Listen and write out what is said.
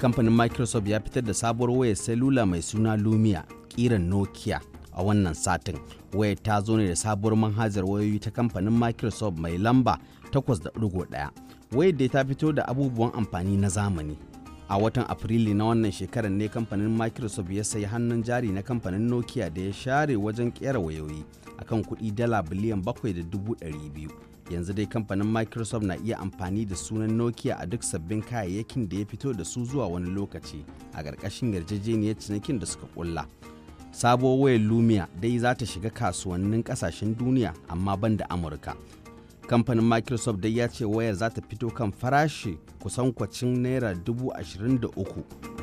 kamfanin microsoft ya fitar da sabuwar wayar salula mai suna lumia kiran nokia a wannan satin wayar ta zo ne da sabuwar manhajar wayoyi ta kamfanin microsoft mai lamba 8.1 wayar da ta fito da abubuwan amfani na zamani a watan afrilu na wannan shekarar ne kamfanin microsoft ya sayi hannun jari na kamfanin nokia da ya share wajen kera wayoyi a kan kuɗi dala biliyan 7.200 yanzu dai kamfanin microsoft na iya amfani da sunan nokia a duk sabbin kayayyakin da ya fito da su zuwa wani lokaci a ƙarƙashin yarjejeniyar cinikin da suka ƙulla sabuwar wayar lumia dai za ta shiga kasuwannin ƙasashen duniya amma ban da amurka kamfanin microsoft dai ya ce wayar za ta fito kan farashi kusan kwacin naira dubu ashirin da uku